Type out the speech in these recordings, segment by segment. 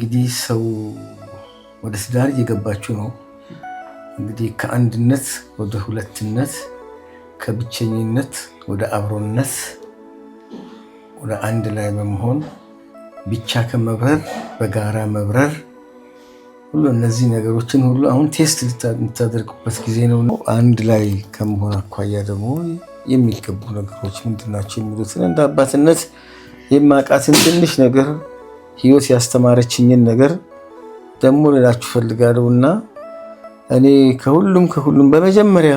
እንግዲህ ሰው ወደ ትዳር እየገባችሁ ነው። እንግዲህ ከአንድነት ወደ ሁለትነት፣ ከብቸኝነት ወደ አብሮነት፣ ወደ አንድ ላይ በመሆን ብቻ ከመብረር በጋራ መብረር ሁሉ እነዚህ ነገሮችን ሁሉ አሁን ቴስት የምታደርጉበት ጊዜ ነው። አንድ ላይ ከመሆን አኳያ ደግሞ የሚገቡ ነገሮች ምንድናቸው የሚሉትን እንደ አባትነት የማውቃትን ትንሽ ነገር ህይወት ያስተማረችኝን ነገር ደግሞ ልላችሁ ፈልጋለሁ እና እኔ ከሁሉም ከሁሉም በመጀመሪያ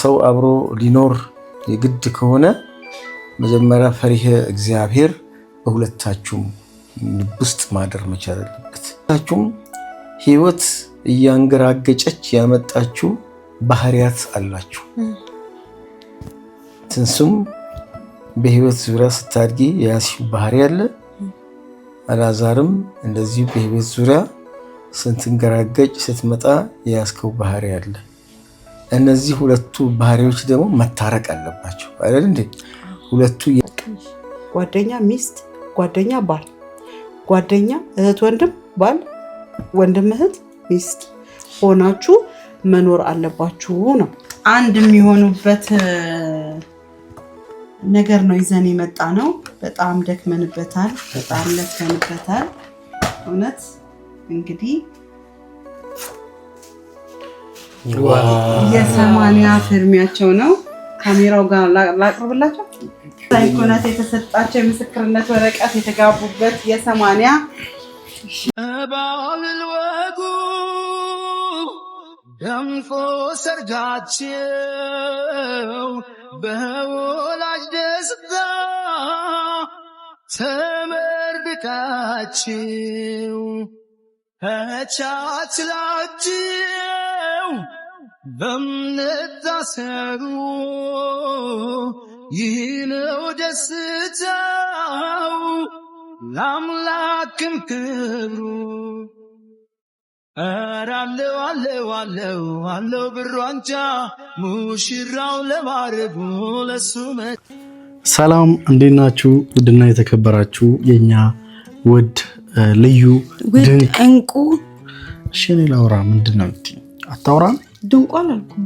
ሰው አብሮ ሊኖር የግድ ከሆነ መጀመሪያ ፈሪሄ እግዚአብሔር በሁለታችሁም ውስጥ ማደር መቻል አለበት። ሁለታችሁም ህይወት እያንገራገጨች ያመጣችሁ ባህሪያት አላችሁ። ትንሱም በህይወት ዙሪያ ስታድጊ የያዝሽው ባህሪ አለ አልዓዛርም እንደዚሁ በሕይወት ዙሪያ ስትንገራገጭ ስትመጣ የያዝከው ባህሪ አለ። እነዚህ ሁለቱ ባህሪዎች ደግሞ መታረቅ አለባቸው አይደል እንዴ? ሁለቱ ጓደኛ ሚስት፣ ጓደኛ ባል፣ ጓደኛ እህት ወንድም፣ ባል ወንድም፣ እህት ሚስት ሆናችሁ መኖር አለባችሁ ነው አንድ የሚሆኑበት ነገር ነው ይዘን የመጣ ነው። በጣም ደክመንበታል፣ በጣም ለፍተንበታል። እውነት እንግዲህ የሰማንያ ፍርሚያቸው ነው። ካሜራው ጋር ላቅርብላቸው። ሳይኮናት የተሰጣቸው የምስክርነት ወረቀት የተጋቡበት የሰማንያ ባህል ወጉ ሰርጋቸው በወላጅ ደስታ ተመርቃችሁ ተቻችላችሁ በእምነት ታሰሩ። ይህ ነው ደስታው ለአምላክም ክብሩ። አለው አለው አለው አለው ብሯንቻ ሙሽራው ለማረጉ ለሱ ሰላም፣ እንዴት ናችሁ? ውድና የተከበራችሁ የኛ ውድ ልዩ ድንቅ እንቁ። እሺ ላውራ ምንድን ነው አታውራም? ድንቁ አላልኩም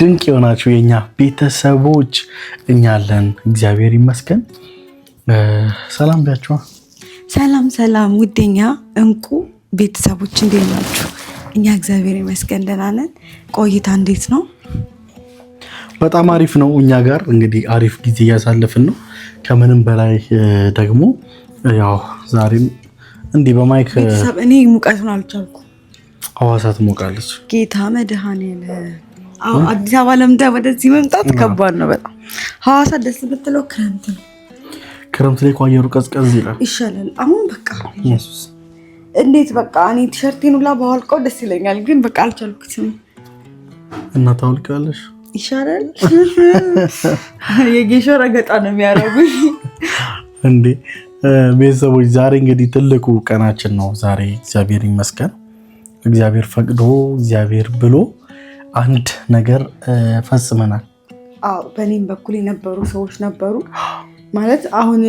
ድንቅ የሆናችሁ የኛ ቤተሰቦች እኛለን፣ እግዚአብሔር ይመስገን። ሰላም ቢያችኋ ሰላም ሰላም፣ ውዴኛ እንቁ ቤተሰቦች እንዴት ናችሁ? እኛ እግዚአብሔር ይመስገን ደህና ነን። ቆይታ እንዴት ነው? በጣም አሪፍ ነው። እኛ ጋር እንግዲህ አሪፍ ጊዜ እያሳለፍን ነው። ከምንም በላይ ደግሞ ያው ዛሬም እንዲህ በማይክ ቤተሰብ እኔ ነው አልቻልኩ። ሐዋሳ ትሞቃለች። ጌታ መድኃኔዓለም አዲስ አበባ ለምዳ ወደዚህ መምጣት ከባድ ነው በጣም ሐዋሳ ደስ የምትለው ክረምት ነው ክረምት ላይ አየሩ ቀዝቀዝ ይላል፣ ይሻላል። አሁን በቃ ኢየሱስ እንዴት በቃ እኔ ቲሸርቴን ሁላ ባወልቀው ደስ ይለኛል፣ ግን በቃ አልቻልኩትም። እና ታውልቃለሽ ይሻላል። የጌሾ ረገጣ ነው የሚያደርጉኝ እንዴ ቤተሰቦች። ዛሬ እንግዲህ ትልቁ ቀናችን ነው። ዛሬ እግዚአብሔር ይመስገን፣ እግዚአብሔር ፈቅዶ እግዚአብሔር ብሎ አንድ ነገር ፈጽመናል። አዎ በእኔም በኩል የነበሩ ሰዎች ነበሩ ማለት አሁን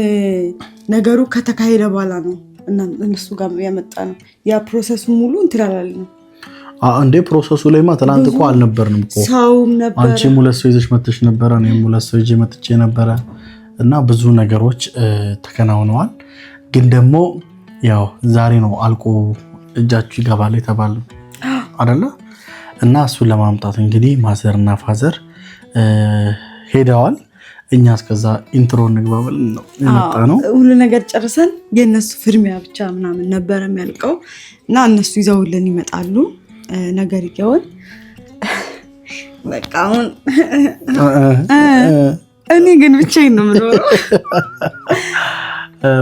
ነገሩ ከተካሄደ በኋላ ነው እነሱ ጋር ያመጣ ነው። ያ ፕሮሰሱ ሙሉ እንትላላል ነው እንዴ? ፕሮሰሱ ማ ትናንት እኮ አልነበርንም እኮ ሰውም ነበር። ሁለት ሰው ይዘሽ መተሽ ነበረ፣ እኔም ሁለት ሰው ይዤ መጥቼ ነበረ እና ብዙ ነገሮች ተከናውነዋል። ግን ደግሞ ያው ዛሬ ነው አልቆ እጃችሁ ይገባል የተባለ አደለ እና እሱን ለማምጣት እንግዲህ ማዘርና ፋዘር ሄደዋል እኛ እስከዛ ኢንትሮ እንግባበል ነው የመጣ ነው። ሁሉ ነገር ጨርሰን የእነሱ ፍርሚያ ብቻ ምናምን ነበረ የሚያልቀው እና እነሱ ይዘውልን ይመጣሉ ነገር ይገወል በቃ አሁን እኔ ግን ብቻዬን ነው የምኖረው።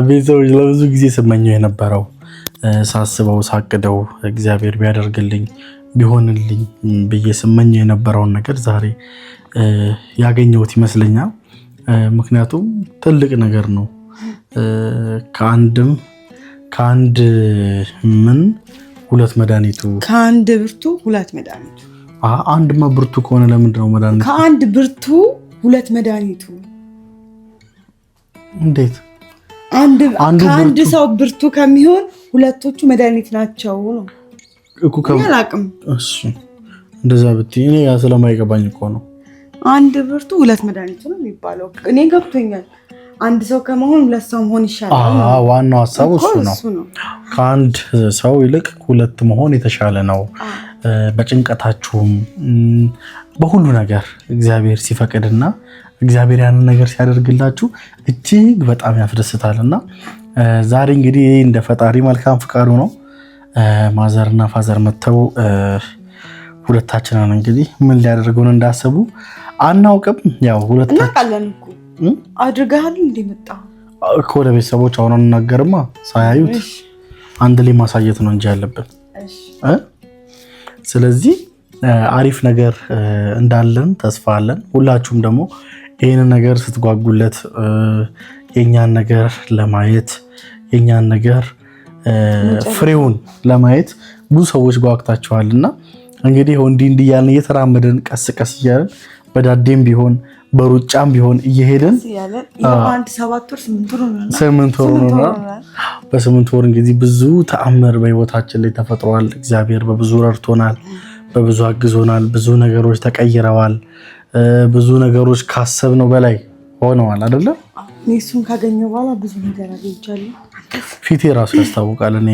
ቤተሰቦች ለብዙ ጊዜ ስመኘው የነበረው ሳስበው ሳቅደው እግዚአብሔር ቢያደርግልኝ ቢሆንልኝ ብዬ ስመኘው የነበረውን ነገር ዛሬ ያገኘሁት ይመስለኛል። ምክንያቱም ትልቅ ነገር ነው። ከአንድም ከአንድ ምን ሁለት መድኃኒቱ ከአንድ ብርቱ ሁለት መድኃኒቱ አንድማ ብርቱ ከሆነ ለምንድን ነው መድኃኒቱ? ከአንድ ብርቱ ሁለት መድኃኒቱ እንዴት? ከአንድ ሰው ብርቱ ከሚሆን ሁለቶቹ መድኃኒት ናቸው ነው። አላውቅም እንደዛ ብትይ እኔ ስለማይገባኝ እኮ ነው አንድ ብርቱ ሁለት መድኃኒቱ ነው የሚባለው። እኔ ገብቶኛል። አንድ ሰው ከመሆን ሁለት ሰው መሆን ይሻላል። ዋናው ሀሳቡ እሱ ነው። ከአንድ ሰው ይልቅ ሁለት መሆን የተሻለ ነው። በጭንቀታችሁም በሁሉ ነገር እግዚአብሔር ሲፈቅድና እግዚአብሔር ያንን ነገር ሲያደርግላችሁ እጅግ በጣም ያስደስታል እና ዛሬ እንግዲህ እንደ ፈጣሪ መልካም ፍቃዱ ነው ማዘርና ፋዘር መጥተው ሁለታችንን እንግዲህ ምን ሊያደርገውን እንዳሰቡ አናውቅም። ያው እኮ አድርገሃል እንዲመጣ እኮ ወደ ቤተሰቦች አሁን አንናገርማ። ሳያዩት አንድ ላይ ማሳየት ነው እንጂ ያለብን። ስለዚህ አሪፍ ነገር እንዳለን ተስፋ አለን። ሁላችሁም ደግሞ ይህንን ነገር ስትጓጉለት የእኛን ነገር ለማየት የእኛን ነገር ፍሬውን ለማየት ብዙ ሰዎች ጓግታችኋል እና እንግዲህ ወንዲ እንዲያልን እያልን እየተራመደን ቀስ ቀስ እያለን በዳዴም ቢሆን በሩጫም ቢሆን እየሄድን ስምንት ወር ነውና በስምንት ወር እንግዲህ ብዙ ተአምር በህይወታችን ላይ ተፈጥሯል። እግዚአብሔር በብዙ ረድቶናል፣ በብዙ አግዞናል። ብዙ ነገሮች ተቀይረዋል። ብዙ ነገሮች ካሰብነው በላይ ሆነዋል። አይደለም እሱን ካገኘ በኋላ ብዙ ነገር አግኝቻለሁ። ፊቴ ራሱ ያስታውቃል እኔ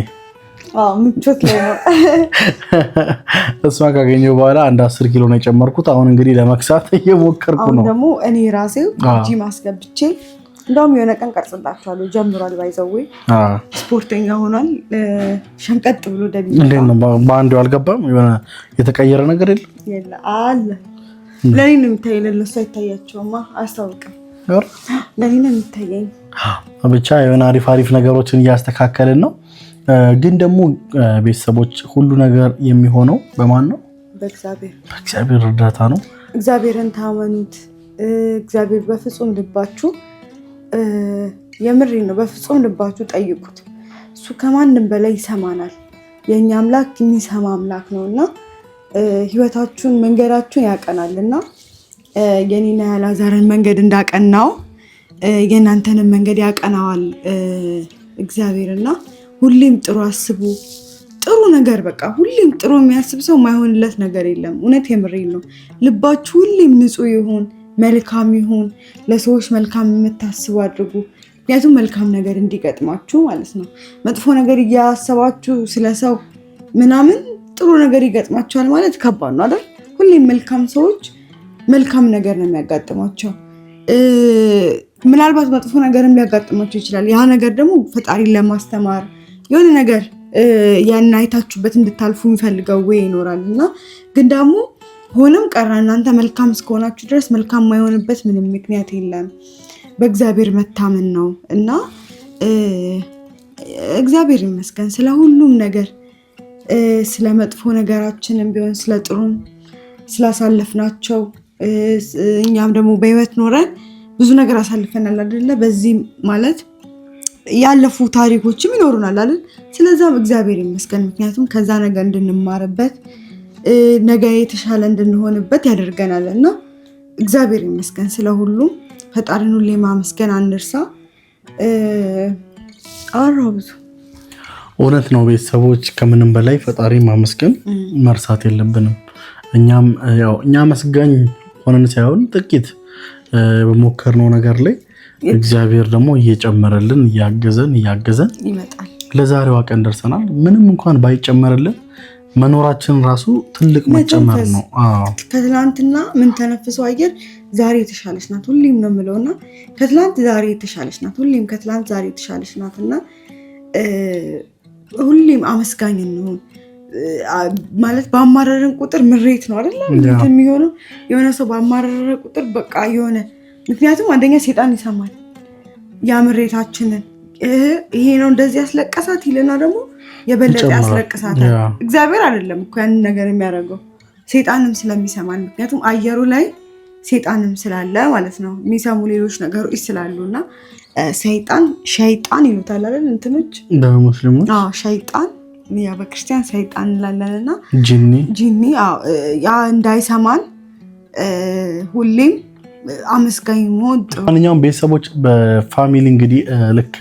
ምቾት ላይ ነው። እሷን ካገኘው በኋላ አንድ አስር ኪሎ ነው የጨመርኩት። አሁን እንግዲህ ለመክሳት እየሞከርኩ ነው። ደግሞ እኔ ራሴው ጂም አስገብቼ እንደውም የሆነ ቀን ቀርጽላችኋለሁ። ጀምሯል፣ ባይዘዌ ስፖርተኛ ሆኗል። ሸንቀጥ ብሎ በአንዱ አልገባም። የሆነ የተቀየረ ነገር የለም አለ። ለእኔ ነው የሚታይ፣ ለነሱ አይታያቸውማ። አያስታውቅም። ለእኔ ነው የሚታየኝ። ብቻ የሆነ አሪፍ አሪፍ ነገሮችን እያስተካከልን ነው ግን ደግሞ ቤተሰቦች ሁሉ ነገር የሚሆነው በማን ነው? በእግዚአብሔር እርዳታ ነው። እግዚአብሔርን ታመኑት። እግዚአብሔር በፍጹም ልባችሁ የምሪ ነው። በፍጹም ልባችሁ ጠይቁት። እሱ ከማንም በላይ ይሰማናል። የእኛ አምላክ የሚሰማ አምላክ ነው እና ህይወታችሁን መንገዳችሁን ያቀናል እና የኔና ያላዛርን መንገድ እንዳቀናው የእናንተንም መንገድ ያቀናዋል እግዚአብሔር እና ሁሌም ጥሩ አስቡ። ጥሩ ነገር በቃ ሁሌም ጥሩ የሚያስብ ሰው ማይሆንለት ነገር የለም። እውነት የምሬ ነው። ልባችሁ ሁሌም ንጹህ ይሁን፣ መልካም ይሁን። ለሰዎች መልካም የምታስቡ አድርጉ። ምክንያቱም መልካም ነገር እንዲገጥማችሁ ማለት ነው። መጥፎ ነገር እያሰባችሁ ስለ ሰው ምናምን ጥሩ ነገር ይገጥማችኋል ማለት ከባድ ነው አይደል? ሁሌም መልካም ሰዎች መልካም ነገር ነው የሚያጋጥማቸው። ምናልባት መጥፎ ነገርም ሊያጋጥማቸው ይችላል። ያ ነገር ደግሞ ፈጣሪን ለማስተማር የሆነ ነገር ያን አይታችሁበት እንድታልፉ የሚፈልገው ወይ ይኖራል እና ግን ደግሞ ሆነም ቀረ እናንተ መልካም እስከሆናችሁ ድረስ መልካም የማይሆንበት ምንም ምክንያት የለም። በእግዚአብሔር መታመን ነው እና እግዚአብሔር ይመስገን ስለ ሁሉም ነገር፣ ስለ መጥፎ ነገራችንም ቢሆን ስለ ጥሩም ስላሳለፍናቸው እኛም ደግሞ በህይወት ኖረን ብዙ ነገር አሳልፈናል አይደለ? በዚህ ማለት ያለፉ ታሪኮችም ይኖሩናል አይደል? ስለዛ እግዚአብሔር ይመስገን፣ ምክንያቱም ከዛ ነገር እንድንማርበት ነገ የተሻለ እንድንሆንበት ያደርገናል እና እግዚአብሔር ይመስገን ስለሁሉም። ፈጣሪን ሁሌ ማመስገን አንርሳ። አወራሁ ብዙ እውነት ነው። ቤተሰቦች ከምንም በላይ ፈጣሪ ማመስገን መርሳት የለብንም። እኛ መስጋኝ ሆነን ሳይሆን ጥቂት በሞከርነው ነገር ላይ እግዚአብሔር ደግሞ እየጨመረልን እያገዘን እያገዘን ይመጣል። ለዛሬዋ ቀን ደርሰናል። ምንም እንኳን ባይጨመርልን መኖራችን ራሱ ትልቅ መጨመር ነው። ከትላንትና ምን ተነፍሰው አየር ዛሬ የተሻለች ናት፣ ሁሌም ነው የምለውና ከትላንት ዛሬ የተሻለች ናት፣ ሁሌም ከትላንት ዛሬ የተሻለች ናት እና ሁሌም አመስጋኝ እንሆን ማለት ባማረርን ቁጥር ምሬት ነው አይደለም የሚሆነው። የሆነ ሰው ባማረረ ቁጥር በቃ የሆነ ምክንያቱም አንደኛ ሴጣን ይሰማል የምሬታችንን ይሄ ነው እንደዚህ ያስለቀሳት ይልና ደግሞ የበለጠ ያስለቅሳታል። እግዚአብሔር አይደለም እኮ ያንን ነገር የሚያደርገው ሴጣንም ስለሚሰማል፣ ምክንያቱም አየሩ ላይ ሴጣንም ስላለ ማለት ነው የሚሰሙ ሌሎች ነገሮች ስላሉ እና ሰይጣን ሸይጣን ይሉታል አይደል እንትኖች በሙስሊሞች ሸይጣን ያ በክርስቲያን ሰይጣን እንላለን እና ጂኒ ያ እንዳይሰማን ሁሌም አመስጋኝ መሆን ማንኛውም ቤተሰቦች በፋሚሊ እንግዲህ ልክ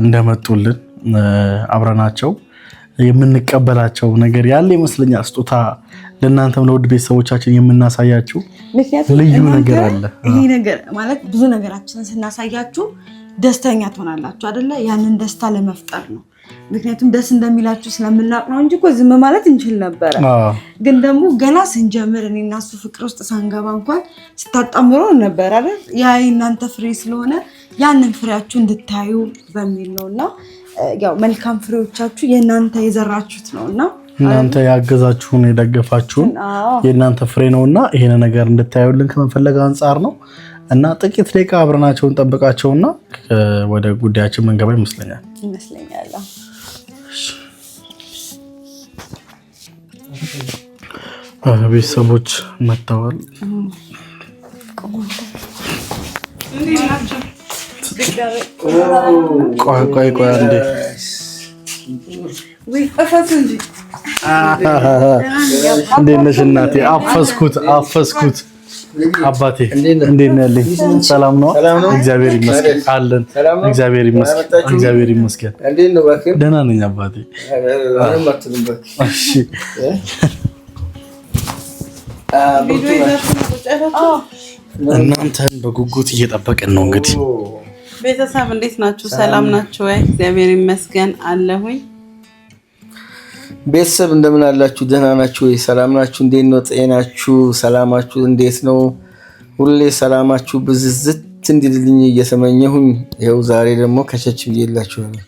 እንደመጡልን አብረናቸው የምንቀበላቸው ነገር ያለ ይመስለኛል። ስጦታ ለእናንተም ለውድ ቤተሰቦቻችን የምናሳያችሁ ልዩ ነገር አለ። ይሄ ነገር ማለት ብዙ ነገራችንን ስናሳያችሁ ደስተኛ ትሆናላችሁ አደለ? ያንን ደስታ ለመፍጠር ነው ምክንያቱም ደስ እንደሚላችሁ ስለምናውቅ ነው እንጂ እኮ ዝም ማለት እንችል ነበረ። ግን ደግሞ ገና ስንጀምር እኔ እና እሱ ፍቅር ውስጥ ሳንገባ እንኳን ስታጣምሮ ነበር አይደል? ያ እናንተ ፍሬ ስለሆነ ያንን ፍሬያችሁ እንድታዩ በሚል ነው እና ያው መልካም ፍሬዎቻችሁ የእናንተ የዘራችሁት ነው እና እናንተ ያገዛችሁን የደገፋችሁን የእናንተ ፍሬ ነው እና ይሄን ነገር እንድታዩልን ከመፈለግ አንጻር ነው እና ጥቂት ደቂቃ አብረናቸውን ጠብቃቸውና ወደ ጉዳያችን መንገባ ይመስለኛል ይመስለኛል። ቤተሰቦች መጥተዋል። ቆይ ቆይ ቆይ አንዴ እንዴት ነሽ እናቴ? አፈስኩት አፈስኩት። አባቴ እንዴት ነው ያለኝ? ሰላም ነው፣ እግዚአብሔር ይመስገን አለን። እግዚአብሔር ይመስገን፣ እግዚአብሔር ይመስገን። ደህና ነኝ አባቴ። እናንተን በጉጉት እየጠበቅን ነው። እንግዲህ ቤተሰብ እንዴት ናችሁ? ሰላም ናችሁ ወይ? እግዚአብሔር ይመስገን አለሁኝ። ቤተሰብ እንደምን አላችሁ? ደህና ናችሁ ወይ? ሰላም ናችሁ? እንዴት ነው ጤናችሁ? ሰላማችሁ እንዴት ነው? ሁሌ ሰላማችሁ ብዝዝት እንዲልልኝ እየተመኘሁኝ ይኸው ዛሬ ደግሞ ከቸች ብዬላችሁ ነው።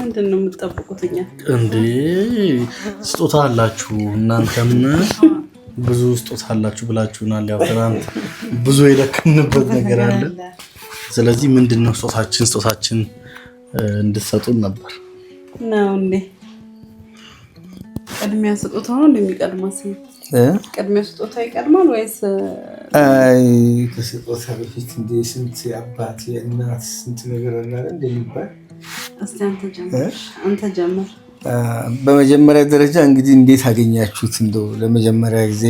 ምንድን ነው የምትጠብቁት? እንዴ ስጦታ አላችሁ እናንተም ብዙ ስጦታ አላችሁ ብላችሁናል። ያው ትናንት ብዙ የደከምንበት ነገር አለ። ስለዚህ ምንድን ነው ስጦታችን ስጦታችን እንድትሰጡን ነበር ነው እንዴ ቅድሚያ ስጦታ ነው እንደሚቀድማ ቅድሚያ ስጦታ ይቀድማል ወይስ ከስጦታ በፊት እንደ ስንት አባት የእናት ስንት ነገር አለ እንደሚባል በመጀመሪያ ደረጃ እንግዲህ እንዴት አገኛችሁት? እንደው ለመጀመሪያ ጊዜ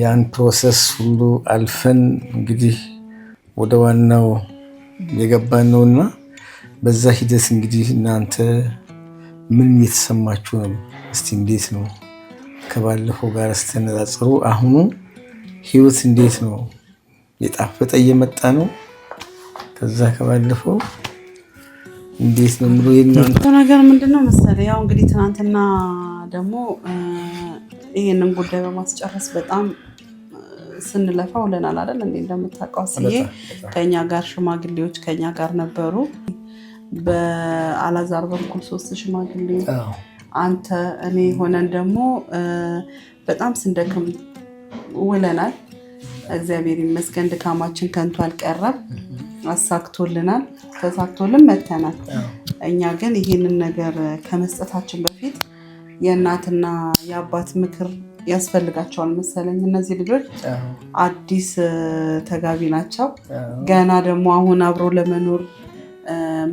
ያን ፕሮሰስ ሁሉ አልፈን እንግዲህ ወደ ዋናው የገባን ነውና በዛ ሂደት እንግዲህ እናንተ ምን የተሰማችሁ ነው? እስቲ እንዴት ነው ከባለፈው ጋር ስተነጻጽሩ አሁኑ ህይወት እንዴት ነው? የጣፈጠ እየመጣ ነው ከዛ ከባለፈው እንዴት ነው ምሮ ነገር ምንድን ነው መሰለ ያው እንግዲህ ትናንትና ደግሞ ይሄንን ጉዳይ በማስጨረስ በጣም ስንለፋ ውለናል አይደል? እንዴ እንደምታውቀው ስዬ ከኛ ጋር ሽማግሌዎች ከኛ ጋር ነበሩ። በአላዛር በኩል ሶስት ሽማግሌ አንተ፣ እኔ ሆነን ደግሞ በጣም ስንደክም ውለናል። እግዚአብሔር ይመስገን ድካማችን ከንቱ አልቀረም። አሳክቶልናል። ተሳክቶልን መተናል። እኛ ግን ይህንን ነገር ከመስጠታችን በፊት የእናትና የአባት ምክር ያስፈልጋቸዋል መሰለኝ። እነዚህ ልጆች አዲስ ተጋቢ ናቸው። ገና ደግሞ አሁን አብሮ ለመኖር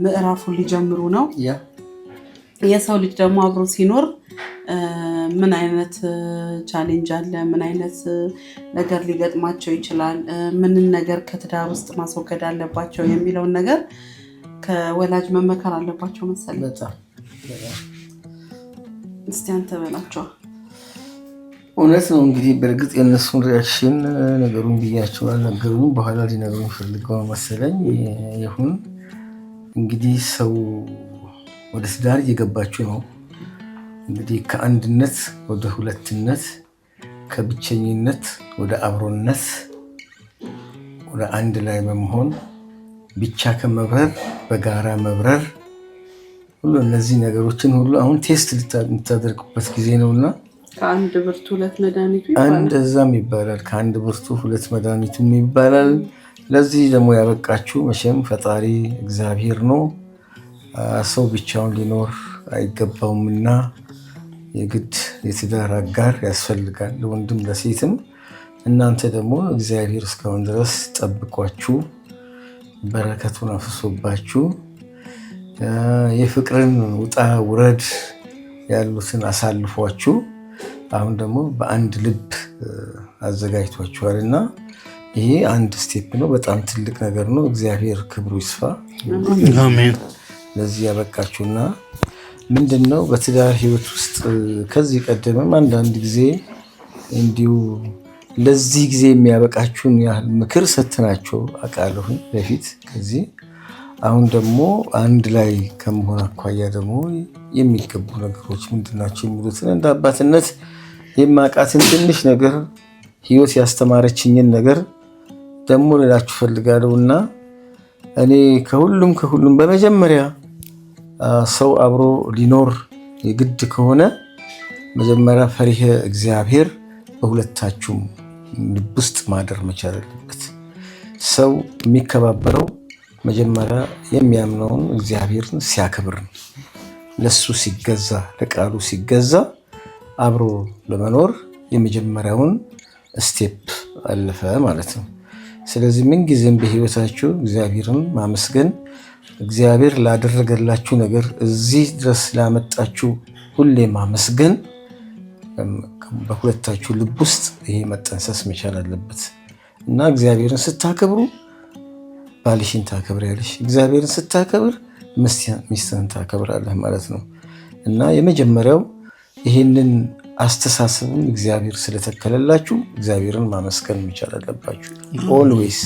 ምዕራፉን ሊጀምሩ ነው። የሰው ልጅ ደግሞ አብሮ ሲኖር ምን አይነት ቻሌንጅ አለ፣ ምን አይነት ነገር ሊገጥማቸው ይችላል፣ ምንን ነገር ከትዳር ውስጥ ማስወገድ አለባቸው የሚለውን ነገር ከወላጅ መመከር አለባቸው መሰለኝ። እስቲ አንተ በላቸዋል። እውነት ነው እንግዲህ በእርግጥ የእነሱን ሪያክሽን ነገሩን ብያቸው አልነገሩም። በኋላ ሊነገሩ ፈልገው መሰለኝ። ይሁን እንግዲህ ሰው ወደ ትዳር እየገባችሁ ነው እንግዲህ ከአንድነት ወደ ሁለትነት፣ ከብቸኝነት ወደ አብሮነት፣ ወደ አንድ ላይ በመሆን ብቻ ከመብረር በጋራ መብረር ሁሉ እነዚህ ነገሮችን ሁሉ አሁን ቴስት የምታደርጉበት ጊዜ ነውና ከአንድ ብርቱ ሁለት መድኃኒቱ እዛም ይባላል። ከአንድ ብርቱ ሁለት መድኃኒቱም ይባላል። ለዚህ ደግሞ ያበቃችሁ መቼም ፈጣሪ እግዚአብሔር ነው። ሰው ብቻውን ሊኖር አይገባውምና የግድ የትዳር አጋር ያስፈልጋል ለወንድም ለሴትም። እናንተ ደግሞ እግዚአብሔር እስካሁን ድረስ ጠብቋችሁ በረከቱን አፍሶባችሁ የፍቅርን ውጣ ውረድ ያሉትን አሳልፏችሁ አሁን ደግሞ በአንድ ልብ አዘጋጅቷችኋል እና ይሄ አንድ ስቴፕ ነው። በጣም ትልቅ ነገር ነው። እግዚአብሔር ክብሩ ይስፋ። ለዚህ ያበቃችሁና ምንድን ነው በትዳር ህይወት ውስጥ ከዚህ ቀደምም አንዳንድ ጊዜ እንዲሁ ለዚህ ጊዜ የሚያበቃችሁን ያህል ምክር ሰትናቸው አቃለሁ በፊት ከዚህ አሁን ደግሞ አንድ ላይ ከመሆን አኳያ ደግሞ የሚገቡ ነገሮች ምንድናቸው የሚሉትን እንደ አባትነት የማቃትን ትንሽ ነገር ህይወት ያስተማረችኝን ነገር ደግሞ ልላችሁ ፈልጋለሁ እና እኔ ከሁሉም ከሁሉም በመጀመሪያ ሰው አብሮ ሊኖር የግድ ከሆነ መጀመሪያ ፈሪሄ እግዚአብሔር በሁለታችሁም ልብ ውስጥ ማደር መቻል አለበት። ሰው የሚከባበረው መጀመሪያ የሚያምነውን እግዚአብሔርን ሲያከብር ነው። ለሱ ሲገዛ፣ ለቃሉ ሲገዛ አብሮ ለመኖር የመጀመሪያውን ስቴፕ አለፈ ማለት ነው። ስለዚህ ምንጊዜም በህይወታችሁ እግዚአብሔርን ማመስገን እግዚአብሔር ላደረገላችሁ ነገር እዚህ ድረስ ላመጣችሁ ሁሌ ማመስገን በሁለታችሁ ልብ ውስጥ ይሄ መጠንሰስ መቻል አለበት እና እግዚአብሔርን ስታከብሩ ባልሽን ታከብሪያለሽ፣ እግዚአብሔርን ስታከብር ሚስትህን ታከብራለህ ማለት ነው እና የመጀመሪያው ይህንን አስተሳሰብም እግዚአብሔር ስለተከለላችሁ እግዚአብሔርን ማመስገን መቻል አለባችሁ። ኦልዌይስ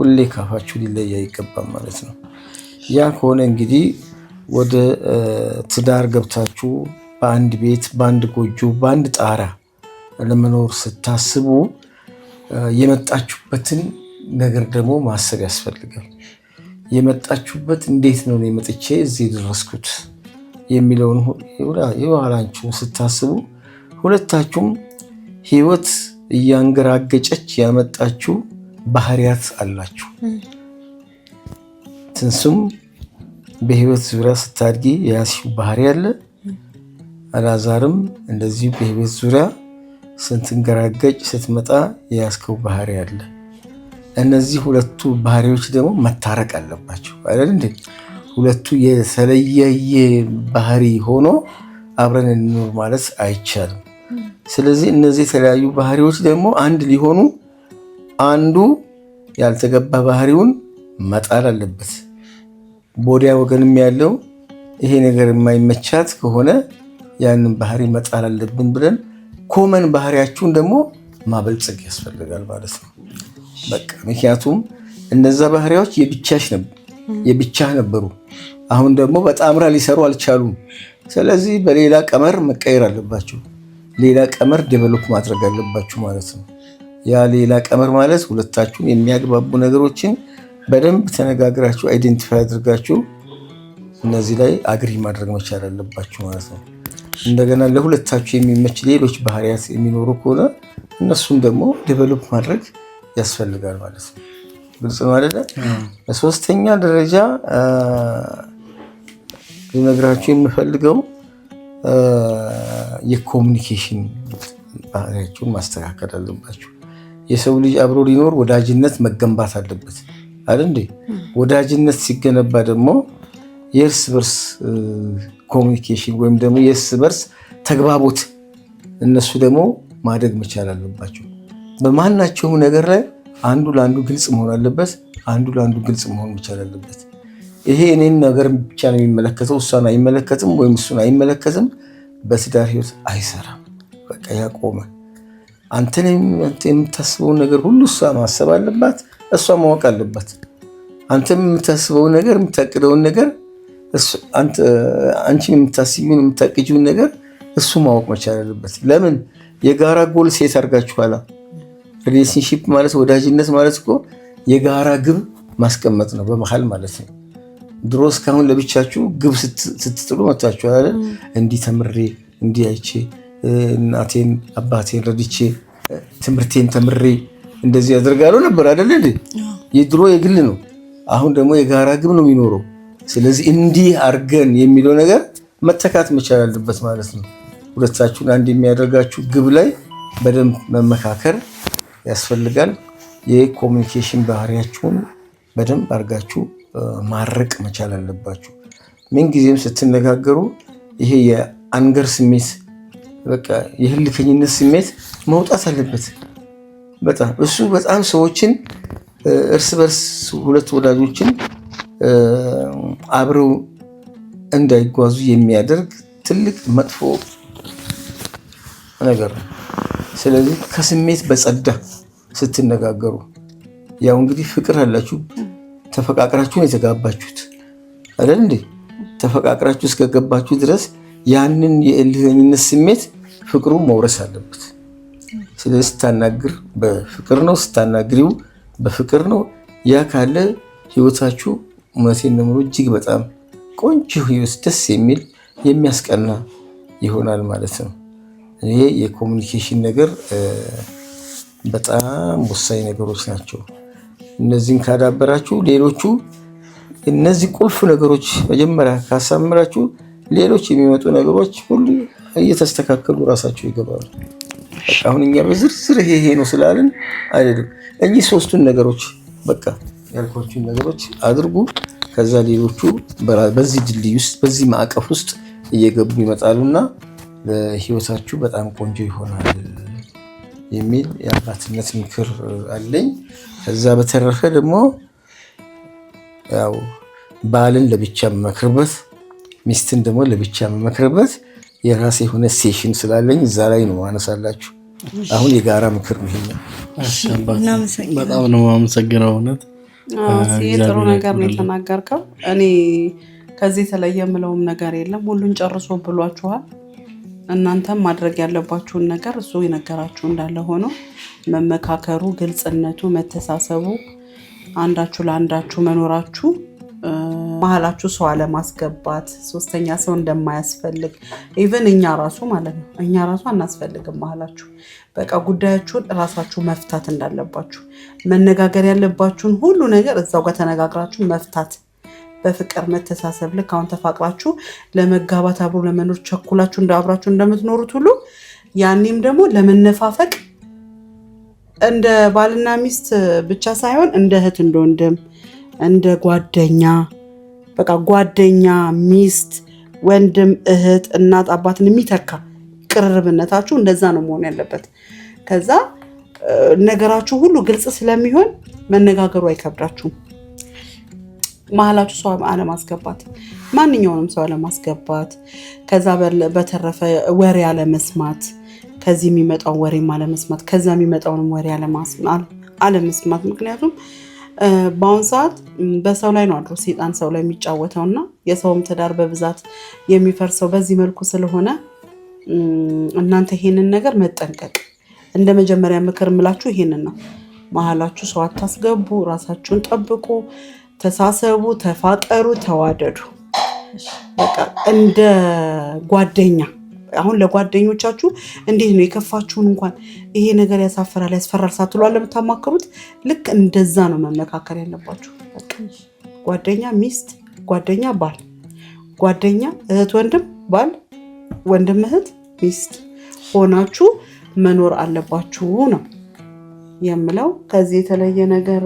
ሁሌ ካፋችሁ ሊለይ አይገባም ማለት ነው። ያ ከሆነ እንግዲህ ወደ ትዳር ገብታችሁ በአንድ ቤት፣ በአንድ ጎጆ፣ በአንድ ጣራ ለመኖር ስታስቡ የመጣችሁበትን ነገር ደግሞ ማሰብ ያስፈልጋል። የመጣችሁበት እንዴት ነው የመጥቼ እዚህ የደረስኩት የሚለውን የኋላችሁን ስታስቡ ሁለታችሁም ህይወት እያንገራገጨች ያመጣችሁ ባህሪያት አላችሁ። ትንሱም በህይወት ዙሪያ ስታድጊ የያዝሽው ባህሪ አለ። አላዛርም እንደዚሁ በህይወት ዙሪያ ስትንገራገጭ ስትመጣ የያዝከው ባህሪ አለ። እነዚህ ሁለቱ ባህሪዎች ደግሞ መታረቅ አለባቸው አይደል እንዴ? ሁለቱ የተለያየ ባህሪ ሆኖ አብረን እንኖር ማለት አይቻልም። ስለዚህ እነዚህ የተለያዩ ባህሪዎች ደግሞ አንድ ሊሆኑ አንዱ ያልተገባ ባህሪውን መጣል አለበት። ቦዲያ ወገንም ያለው ይሄ ነገር የማይመቻት ከሆነ ያንን ባህሪ መጣል አለብን ብለን ኮመን ባህሪያችሁን ደግሞ ማበልጸግ ያስፈልጋል ማለት ነው። በቃ ምክንያቱም እነዛ ባህሪያዎች የብቻሽ ነበሩ። አሁን ደግሞ በጣምራ ሊሰሩ አልቻሉም። ስለዚህ በሌላ ቀመር መቀየር አለባቸው። ሌላ ቀመር ዴቨሎፕ ማድረግ አለባችሁ ማለት ነው። ያ ሌላ ቀመር ማለት ሁለታችሁን የሚያግባቡ ነገሮችን በደንብ ተነጋግራችሁ አይዴንቲፋይ አድርጋችሁ እነዚህ ላይ አግሪ ማድረግ መቻል አለባችሁ ማለት ነው። እንደገና ለሁለታችሁ የሚመች ሌሎች ባህሪያት የሚኖሩ ከሆነ እነሱን ደግሞ ዴቨሎፕ ማድረግ ያስፈልጋል ማለት ነው። ግልጽ ነው አይደለ? በሶስተኛ ደረጃ ልነግራችሁ የምፈልገው የኮሚኒኬሽን ባህሪያችሁን ማስተካከል አለባችሁ። የሰው ልጅ አብሮ ሊኖር ወዳጅነት መገንባት አለበት። አይደል እንዴ? ወዳጅነት ሲገነባ ደግሞ የእርስ በርስ ኮሚኒኬሽን ወይም ደግሞ የእርስ በርስ ተግባቦት እነሱ ደግሞ ማደግ መቻል አለባቸው። በማናቸውም ነገር ላይ አንዱ ለአንዱ ግልጽ መሆን አለበት። አንዱ ለአንዱ ግልጽ መሆን መቻል አለበት። ይሄ እኔን ነገር ብቻ ነው የሚመለከተው፣ እሷን አይመለከትም ወይም እሱን አይመለከትም፣ በትዳር ህይወት አይሰራም። በቃ ያቆመ አንተን የምታስበው ነገር ሁሉ እሷ ማሰብ አለባት፣ እሷ ማወቅ አለባት። አንተም የምታስበው ነገር የምታቅደውን ነገር አንቺን የምታስቢውን የምታቅጂውን ነገር እሱ ማወቅ መቻል አለበት። ለምን የጋራ ጎል ሴት አድርጋችኋላ። ሪሌሽንሽፕ ማለት ወዳጅነት ማለት እኮ የጋራ ግብ ማስቀመጥ ነው፣ በመሀል ማለት ነው። ድሮ እስካሁን ለብቻችሁ ግብ ስትጥሉ መታችኋል። እንዲህ ተምሬ እንዲህ አይቼ እናቴን አባቴን ረድቼ ትምህርቴን ተምሬ እንደዚህ ያደርጋሉ ነበር አይደል እንዴ? የድሮ የግል ነው። አሁን ደግሞ የጋራ ግብ ነው የሚኖረው። ስለዚህ እንዲህ አርገን የሚለው ነገር መተካት መቻል አለበት ማለት ነው። ሁለታችሁን አንድ የሚያደርጋችሁ ግብ ላይ በደንብ መመካከር ያስፈልጋል። የኮሚኒኬሽን ባህሪያችሁን በደንብ አድርጋችሁ ማረቅ መቻል አለባችሁ። ጊዜም ስትነጋገሩ ይሄ የአንገር ስሜት በቃ የህልከኝነት ስሜት መውጣት አለበት። በጣም እሱ በጣም ሰዎችን እርስ በርስ ሁለት ወዳጆችን አብረው እንዳይጓዙ የሚያደርግ ትልቅ መጥፎ ነገር ነው። ስለዚህ ከስሜት በጸዳ ስትነጋገሩ ያው እንግዲህ ፍቅር አላችሁ ተፈቃቅራችሁን የተጋባችሁት አይደል እንዴ? ተፈቃቅራችሁ እስከገባችሁ ድረስ ያንን የእልህኝነት ስሜት ፍቅሩ መውረስ አለበት። ስለዚህ ስታናግር በፍቅር ነው፣ ስታናግሪው በፍቅር ነው። ያ ካለ ህይወታችሁ እውነቴን ነምሮ እጅግ በጣም ቆንጆ ህይወት፣ ደስ የሚል የሚያስቀና ይሆናል ማለት ነው። ይሄ የኮሚኒኬሽን ነገር በጣም ወሳኝ ነገሮች ናቸው። እነዚህን ካዳበራችሁ ሌሎቹ እነዚህ ቁልፍ ነገሮች መጀመሪያ ካሳምራችሁ ሌሎች የሚመጡ ነገሮች ሁሉ እየተስተካከሉ ራሳቸው ይገባሉ። አሁን እኛ በዝርዝር ይሄ ነው ስላልን አይደለም። እኚህ ሶስቱን ነገሮች በቃ ያልኳችሁን ነገሮች አድርጉ። ከዛ ሌሎቹ በዚህ ድልድይ ውስጥ በዚህ ማዕቀፍ ውስጥ እየገቡ ይመጣሉና ለህይወታችሁ በጣም ቆንጆ ይሆናል የሚል የአባትነት ምክር አለኝ። ከዛ በተረፈ ደግሞ ያው ባልን ለብቻ መክርበት ሚስትን ደግሞ ለብቻ የምመክርበት የራሴ የሆነ ሴሽን ስላለኝ እዛ ላይ ነው አነሳላችሁ። አሁን የጋራ ምክር ነው ይሄኛው። በጣም ነው አመሰግነው። እውነት ጥሩ ነገር ነው የተናገርከው። እኔ ከዚህ የተለየ የምለውም ነገር የለም። ሁሉን ጨርሶ ብሏችኋል። እናንተም ማድረግ ያለባችሁን ነገር እሱ የነገራችሁ እንዳለ ሆኖ መመካከሩ፣ ግልጽነቱ፣ መተሳሰቡ፣ አንዳችሁ ለአንዳችሁ መኖራችሁ መሀላችሁ ሰው አለማስገባት፣ ሶስተኛ ሰው እንደማያስፈልግ ኢቨን እኛ ራሱ ማለት ነው እኛ ራሱ አናስፈልግም መሀላችሁ። በቃ ጉዳያችሁን እራሳችሁ መፍታት እንዳለባችሁ መነጋገር ያለባችሁን ሁሉ ነገር እዛው ጋር ተነጋግራችሁ መፍታት በፍቅር መተሳሰብ፣ ልክ አሁን ተፋቅራችሁ ለመጋባት አብሮ ለመኖር ቸኩላችሁ እንደ አብራችሁ እንደምትኖሩት ሁሉ ያኔም ደግሞ ለመነፋፈቅ እንደ ባልና ሚስት ብቻ ሳይሆን እንደ እህት እንደ ወንድም እንደ ጓደኛ በቃ ጓደኛ፣ ሚስት፣ ወንድም፣ እህት፣ እናት፣ አባትን የሚተካ ቅርርብነታችሁ እንደዛ ነው መሆን ያለበት። ከዛ ነገራችሁ ሁሉ ግልጽ ስለሚሆን መነጋገሩ አይከብዳችሁም። መሀላችሁ ሰው አለማስገባት፣ ማንኛውንም ሰው አለማስገባት፣ ከዛ በተረፈ ወሬ አለመስማት፣ ከዚህ የሚመጣውን ወሬም አለመስማት፣ ከዛ የሚመጣውንም ወሬ አለመስማት። ምክንያቱም በአሁን ሰዓት በሰው ላይ ነው አድሮ ሴጣን ሰው ላይ የሚጫወተው እና የሰውም ትዳር በብዛት የሚፈርሰው በዚህ መልኩ ስለሆነ እናንተ ይሄንን ነገር መጠንቀቅ እንደ መጀመሪያ ምክር የምላችሁ ይሄንን ነው። መሀላችሁ ሰው አታስገቡ፣ ራሳችሁን ጠብቁ፣ ተሳሰቡ፣ ተፋቀሩ፣ ተዋደዱ። በቃ እንደ ጓደኛ አሁን ለጓደኞቻችሁ እንዴት ነው የከፋችሁን እንኳን ይሄ ነገር ያሳፈራል፣ ያስፈራል ሳትሏል ለምታማክሩት ልክ እንደዛ ነው መመካከል ያለባችሁ። ጓደኛ ሚስት፣ ጓደኛ ባል፣ ጓደኛ እህት ወንድም፣ ባል ወንድም፣ እህት ሚስት ሆናችሁ መኖር አለባችሁ ነው የምለው። ከዚህ የተለየ ነገር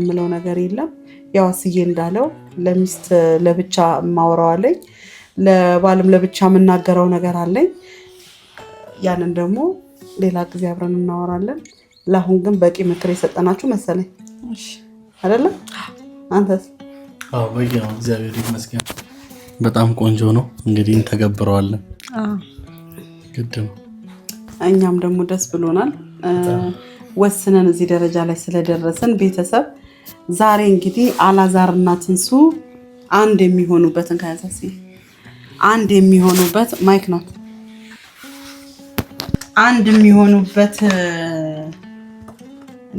የምለው ነገር የለም። ያው አስዬ እንዳለው ለሚስት ለብቻ ማወራዋለኝ ለባልም ለብቻ የምናገረው ነገር አለኝ። ያንን ደግሞ ሌላ ጊዜ አብረን እናወራለን። ለአሁን ግን በቂ ምክር የሰጠናችሁ መሰለኝ አይደለም? አንተስ? በቂ ነው። እግዚአብሔር ይመስገን። በጣም ቆንጆ ነው። እንግዲህ እንተገብረዋለን። ግድ ነው። እኛም ደግሞ ደስ ብሎናል ወስነን እዚህ ደረጃ ላይ ስለደረሰን። ቤተሰብ ዛሬ እንግዲህ አላዛርና ትንሱ አንድ የሚሆኑበትን ከያዛስ አንድ የሚሆኑበት ማይክ ናት። አንድ የሚሆኑበት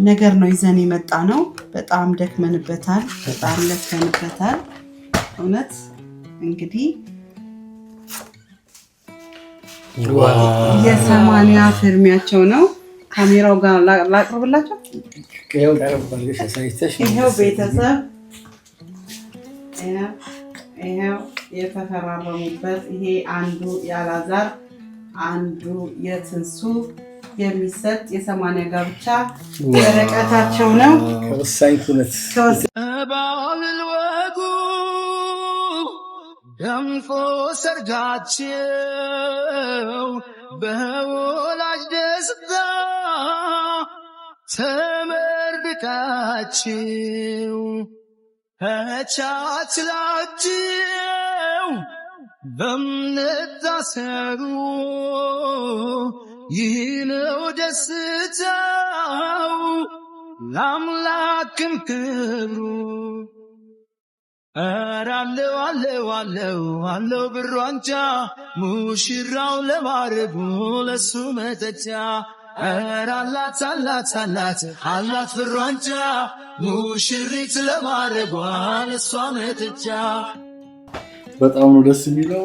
ነገር ነው ይዘን የመጣ ነው። በጣም ደክመንበታል፣ በጣም ለፍተንበታል። እውነት እንግዲህ የሰማንያ ፍርሚያቸው ነው። ካሜራው ጋር ላቅርብላቸው። ይኸው ቤተሰብ ይኸው የተፈራረሙበት ይሄ አንዱ የአላዛር አንዱ የትንሱ የሚሰጥ የሰማንያ ጋብቻ ወረቀታቸው ነው። ወሳኝ ኩነት ባህል ወጉ ደምቆ ሰርጋቸው በወላጅ ደስታ ተመርድቃቸው እቻችላጅው በምንታሰሩ ታሰሩ ይህ ነው ደስታው ለአምላክም ክብሩ። ኧረ አለው አለው አለው አለው ብሯንቻ ሙሽራው ለማረጉ ለሱ መጠቻ። ኧረ አላት አላት አላት አላት ፍሯንቻ ሙሽሪት ለማድረጓን እሷ መትቻ በጣም ነው ደስ የሚለው።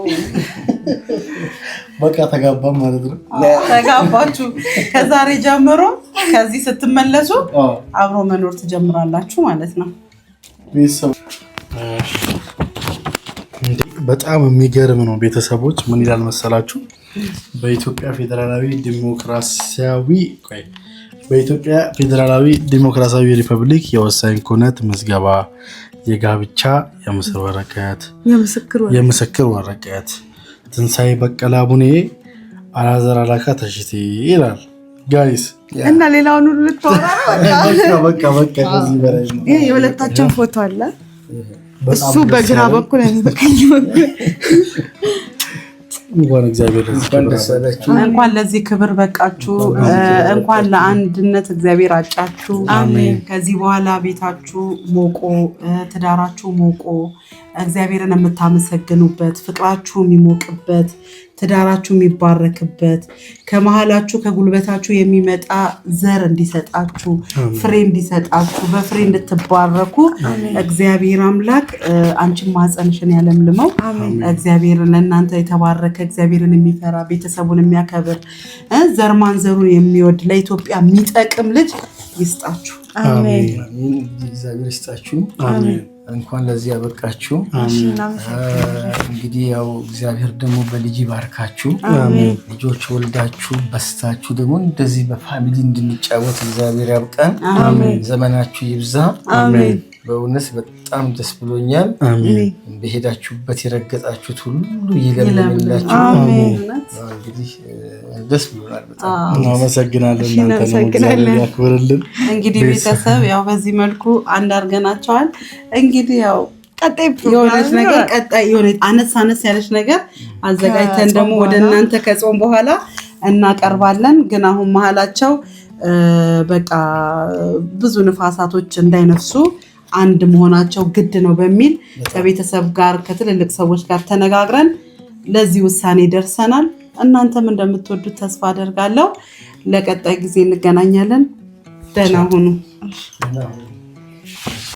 በቃ ተጋባም ማለት ነው። ተጋባችሁ። ከዛሬ ጀምሮ ከዚህ ስትመለሱ አብሮ መኖር ትጀምራላችሁ ማለት ነው። በጣም የሚገርም ነው። ቤተሰቦች ምን ይላል መሰላችሁ? በኢትዮጵያ ፌዴራላዊ ዲሞክራሲያዊ በኢትዮጵያ ፌዴራላዊ ዲሞክራሲያዊ ሪፐብሊክ የወሳኝ ኩነት ምዝገባ፣ የጋብቻ የምስር ወረቀት፣ የምስክር ወረቀት ትንሣኤ በቀለ ቡኔ፣ አላዛር አላካ ተሽቴ ይላል። ጋይስ እና ሌላውን ሁሉ ፎቶ አለ። እሱ በግራ በኩል በቀኝ በኩል እንኳን እግዚአብሔር እንኳን ለዚህ ክብር በቃችሁ። እንኳን ለአንድነት እግዚአብሔር አጫችሁ። ከዚህ በኋላ ቤታችሁ ሞቆ፣ ትዳራችሁ ሞቆ፣ እግዚአብሔርን የምታመሰግኑበት ፍቅራችሁ የሚሞቅበት ትዳራችሁ የሚባረክበት ከመሀላችሁ ከጉልበታችሁ የሚመጣ ዘር እንዲሰጣችሁ ፍሬ እንዲሰጣችሁ በፍሬ እንድትባረኩ እግዚአብሔር አምላክ አንቺን ማፀንሽን ያለምልመው። እግዚአብሔርን ለእናንተ የተባረከ እግዚአብሔርን የሚፈራ ቤተሰቡን የሚያከብር ዘር ማንዘሩን የሚወድ ለኢትዮጵያ የሚጠቅም ልጅ ይስጣችሁ። አሜን። እግዚአብሔር ይስጣችሁ። አሜን። እንኳን ለዚህ ያበቃችሁ። እንግዲህ ያው እግዚአብሔር ደግሞ በልጅ ባርካችሁ ልጆች ወልዳችሁ በስታችሁ ደግሞ እንደዚህ በፋሚሊ እንድንጫወት እግዚአብሔር ያብቃን። ዘመናችሁ ይብዛ። በእውነት በጣም ደስ ብሎኛል። በሄዳችሁበት የረገጣችሁት ሁሉ ይለምልላችሁ። እንግዲህ ደስ ብሎናል በጣም እናመሰግናለን። እናንተንም ያክብርልን። እንግዲህ ቤተሰብ ያው በዚህ መልኩ አንድ አድርገናቸዋል። እንግዲህ ያው ቀጣይ የሆነች ነገር ቀጣይ የሆነች አነስ አነስ ያለች ነገር አዘጋጅተን ደግሞ ወደ እናንተ ከጾም በኋላ እናቀርባለን። ግን አሁን መሀላቸው በቃ ብዙ ንፋሳቶች እንዳይነፍሱ አንድ መሆናቸው ግድ ነው በሚል ከቤተሰብ ጋር ከትልልቅ ሰዎች ጋር ተነጋግረን ለዚህ ውሳኔ ደርሰናል። እናንተም እንደምትወዱት ተስፋ አደርጋለሁ። ለቀጣይ ጊዜ እንገናኛለን። ደህና ሁኑ።